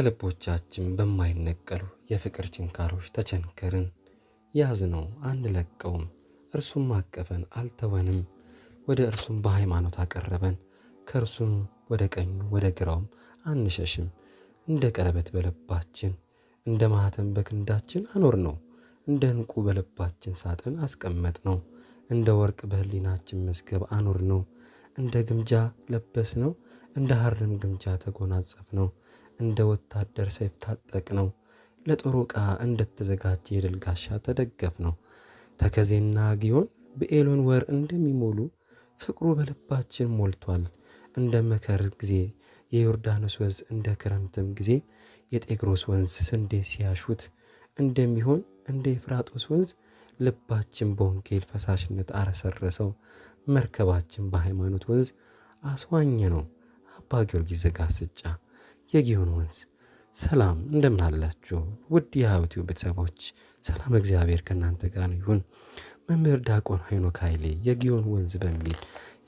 ከልቦቻችን በማይነቀሉ የፍቅር ችንካሮች ተቸንከርን። ያዝነው አንለቀውም፣ እርሱም አቀፈን አልተወንም። ወደ እርሱም በሃይማኖት አቀረበን፣ ከእርሱም ወደ ቀኙ ወደ ግራውም አንሸሽም። እንደ ቀለበት በልባችን እንደ ማህተም በክንዳችን አኖር ነው። እንደ ዕንቁ በልባችን ሳጥን አስቀመጥ ነው። እንደ ወርቅ በህሊናችን መዝገብ አኖር ነው። እንደ ግምጃ ለበስ ነው። እንደ ሐርም ግምጃ ተጎናጸፍ ነው። እንደ ወታደር ሰይፍ ነው። ለጦሩ ዕቃ እንደተዘጋጀ የድል ጋሻ ነው። ተከዜና ጊዮን በኤሎን ወር እንደሚሞሉ ፍቅሩ በልባችን ሞልቷል። እንደ መከር ጊዜ የዮርዳኖስ ወንዝ እንደ ክረምትም ጊዜ የጤግሮስ ወንዝ ስንዴ ሲያሹት እንደሚሆን እንደ ኤፍራጦስ ወንዝ ልባችን በወንጌል ፈሳሽነት አረሰረሰው። መርከባችን በሃይማኖት ወንዝ አስዋኘ ነው። አባ ጊዮርጊስ ዘጋስጫ የጊዮን ወንዝ። ሰላም እንደምን አላችሁ ውድ የሀውቲው ቤተሰቦች፣ ሰላም እግዚአብሔር ከእናንተ ጋር ይሁን። መምህር ዲያቆን ሄኖክ ኃይሌ የጊዮን ወንዝ በሚል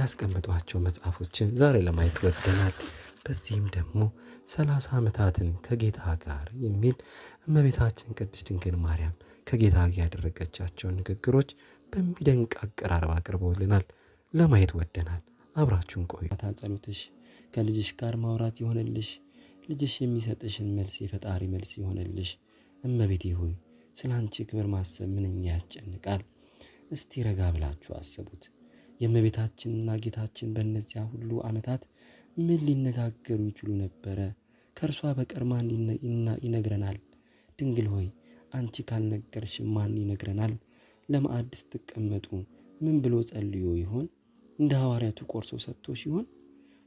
ያስቀምጧቸው መጽሐፎችን ዛሬ ለማየት ወደናል። በዚህም ደግሞ ሰላሳ ዓመታትን ከጌታ ጋር የሚል እመቤታችን ቅድስት ድንግል ማርያም ከጌታ ጋር ያደረገቻቸውን ንግግሮች በሚደንቅ አቀራረብ አቅርቦልናል። ለማየት ወደናል። አብራችሁን ቆዩ። ታጸኑትሽ ከልጅሽ ጋር ማውራት ይሆንልሽ ልጅሽ የሚሰጥሽን መልስ የፈጣሪ መልስ ይሆንልሽ። እመቤቴ ሆይ ስለ አንቺ ክብር ማሰብ ምንኛ ያስጨንቃል። እስቲ ረጋ ብላችሁ አስቡት። የእመቤታችንና ጌታችን በእነዚያ ሁሉ ዓመታት ምን ሊነጋገሩ ይችሉ ነበረ? ከእርሷ በቀር ማን ይነግረናል? ድንግል ሆይ አንቺ ካልነገርሽ ማን ይነግረናል? ለማዕድ ስትቀመጡ ምን ብሎ ጸልዮ ይሆን? እንደ ሐዋርያቱ ቆርሶ ሰጥቶ ሲሆን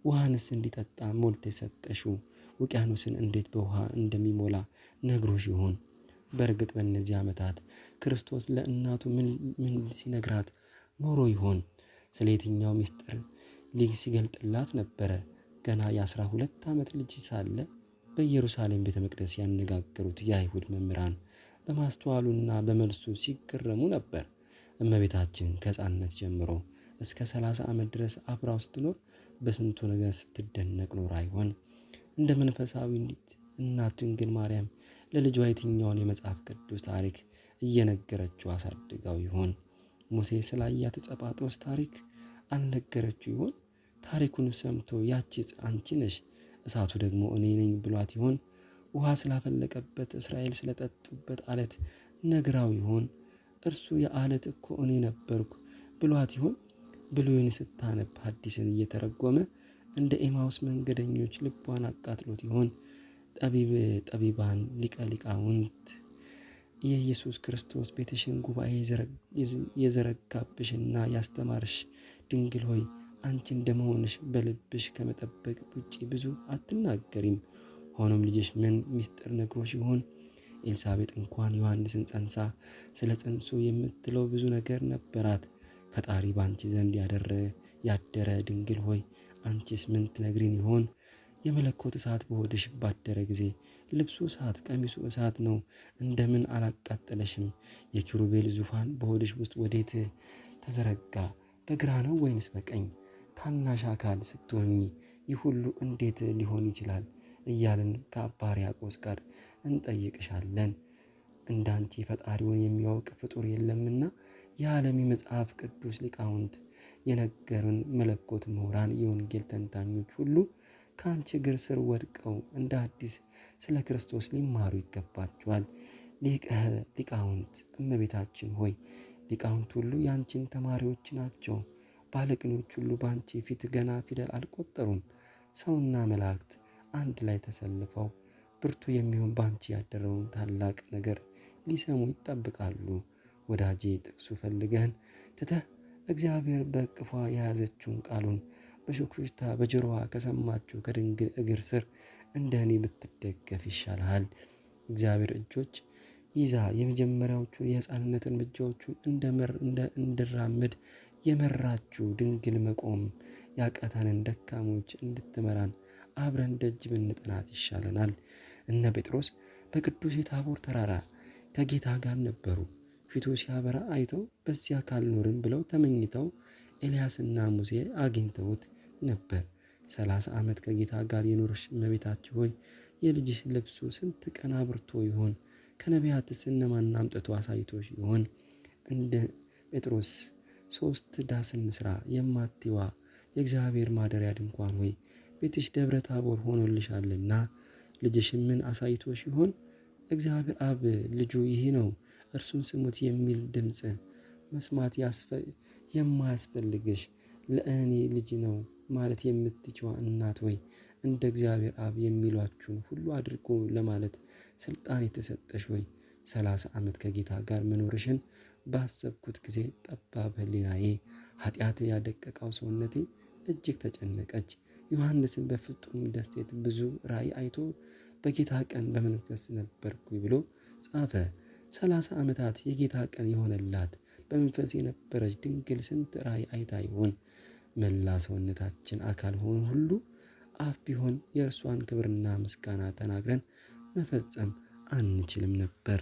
ውሃንስ እንዲጠጣ ሞልተ ሰጠሽው? ውቅያኖስን እንዴት በውሃ እንደሚሞላ ነግሮሽ ይሆን? በእርግጥ በእነዚህ ዓመታት ክርስቶስ ለእናቱ ምን ሲነግራት ኖሮ ይሆን? ስለ የትኛው ልጅ ሲገልጥላት ነበረ? ገና የአስራ ሁለት አመት ልጅ ሳለ በኢየሩሳሌም ቤተ መቅደስ ያነጋገሩት የአይሁድ መምህራን በማስተዋሉና በመልሱ ሲገረሙ ነበር። እመቤታችን ከሕፃንነት ጀምሮ እስከ ሰላሳ ዓመት ድረስ አብራው ስትኖር በስንቱ ነገር ስትደነቅ ኖራ አይሆን? እንደ መንፈሳዊት እናቱ ድንግል ማርያም ለልጇ የትኛውን የመጽሐፍ ቅዱስ ታሪክ እየነገረችው አሳድጋው ይሆን? ሙሴ ስላያት ታሪክ አልነገረችው ይሆን? ታሪኩን ሰምቶ ያቺ አንቺ ነሽ፣ እሳቱ ደግሞ እኔ ነኝ ብሏት ይሆን? ውሃ ስላፈለቀበት እስራኤል ስለጠጡበት አለት ነግራው ይሆን? እርሱ የአለት እኮ እኔ ነበርኩ ብሏት ይሆን? ብሉይን ስታነብ ሐዲስን እየተረጎመ እንደ ኤማውስ መንገደኞች ልቧን አቃጥሎት ይሆን? ጠቢብ ጠቢባን ሊቀ ሊቃውንት የኢየሱስ ክርስቶስ ቤትሽን ጉባኤ የዘረጋብሽና ያስተማርሽ ድንግል ሆይ አንቺ እንደመሆንሽ በልብሽ ከመጠበቅ ውጪ ብዙ አትናገሪም። ሆኖም ልጅሽ ምን ምስጢር ነግሮሽ ይሆን? ኤልሳቤጥ እንኳን ዮሐንስን ጸንሳ ስለ ጽንሱ የምትለው ብዙ ነገር ነበራት። ፈጣሪ ባንቺ ዘንድ ያደረ ያደረ ድንግል ሆይ አንቺስ ምን ትነግሪን ይሆን? የመለኮት እሳት በሆድሽ ባደረ ጊዜ ልብሱ እሳት፣ ቀሚሱ እሳት ነው፤ እንደምን አላቃጠለሽም? የኪሩቤል ዙፋን በሆድሽ ውስጥ ወዴት ተዘረጋ? በግራ ነው ወይንስ በቀኝ? ታናሽ አካል ስትሆኚ ይህ ሁሉ እንዴት ሊሆን ይችላል? እያልን ከአባ ሕርያቆስ ጋር እንጠይቅሻለን። እንዳንቺ ፈጣሪውን የሚያውቅ ፍጡር የለምና የዓለም መጽሐፍ ቅዱስ ሊቃውንት የነገሩን መለኮት ምሁራን፣ የወንጌል ተንታኞች ሁሉ ከአንቺ እግር ስር ወድቀው እንደ አዲስ ስለ ክርስቶስ ሊማሩ ይገባቸዋል። ሊቃውንት እመቤታችን ሆይ ሊቃውንት ሁሉ የአንቺን ተማሪዎች ናቸው። ባለቅኔዎች ሁሉ በአንቺ ፊት ገና ፊደል አልቆጠሩም። ሰውና መላእክት አንድ ላይ ተሰልፈው ብርቱ የሚሆን በአንቺ ያደረውን ታላቅ ነገር ሊሰሙ ይጠብቃሉ። ወዳጄ ጥቅሱ ፈልገን ትተህ እግዚአብሔር በእቅፏ የያዘችውን ቃሉን በሹክሹክታ በጆሮዋ ከሰማችው ከድንግል እግር ስር እንደ እኔ ብትደገፍ ይሻልሃል። እግዚአብሔር እጆች ይዛ የመጀመሪያዎቹን የሕፃንነት እርምጃዎቹን እንድራመድ የመራችው ድንግል መቆም ያቀታንን ደካሞች እንድትመራን አብረን ደጅ ብንጥናት ይሻለናል። እነ ጴጥሮስ በቅዱስ የታቦር ተራራ ከጌታ ጋር ነበሩ። ፊቱ ሲያበራ አይተው በዚያ ካልኖርም ብለው ተመኝተው ኤልያስና ሙሴ አግኝተውት ነበር። ሰላሳ ዓመት ከጌታ ጋር የኖርሽ እመቤታችሁ ሆይ የልጅሽ ልብሱ ስንት ቀን አብርቶ ይሆን? ከነቢያትስ እነማን አምጥቶ አሳይቶሽ ይሆን? እንደ ጴጥሮስ ሶስት ዳስን ስራ የማትዋ የእግዚአብሔር ማደሪያ ድንኳን ሆይ ቤትሽ ደብረ ታቦር ሆኖልሻልና ልጅሽ ምን አሳይቶሽ ይሆን? እግዚአብሔር አብ ልጁ ይሄ ነው እርሱን ስሙት የሚል ድምፅ መስማት የማያስፈልግሽ ለእኔ ልጅ ነው ማለት የምትችዋ እናት ወይ እንደ እግዚአብሔር አብ የሚሏችሁን ሁሉ አድርጎ ለማለት ስልጣን የተሰጠሽ ወይ ሰላሳ ዓመት ከጌታ ጋር መኖርሽን ባሰብኩት ጊዜ ጠባብ ሕሊናዬ ኃጢአት ያደቀቀው ሰውነቴ እጅግ ተጨነቀች። ዮሐንስን በፍጹም ደሴት ብዙ ራእይ አይቶ በጌታ ቀን በመንፈስ ነበርኩ ብሎ ጻፈ። ሰላሳ ዓመታት የጌታ ቀን የሆነላት በመንፈስ የነበረች ድንግል ስንት ራእይ አይታ ይሆን? መላ ሰውነታችን አካል ሆኖ ሁሉ አፍ ቢሆን የእርሷን ክብርና ምስጋና ተናግረን መፈጸም አንችልም ነበር።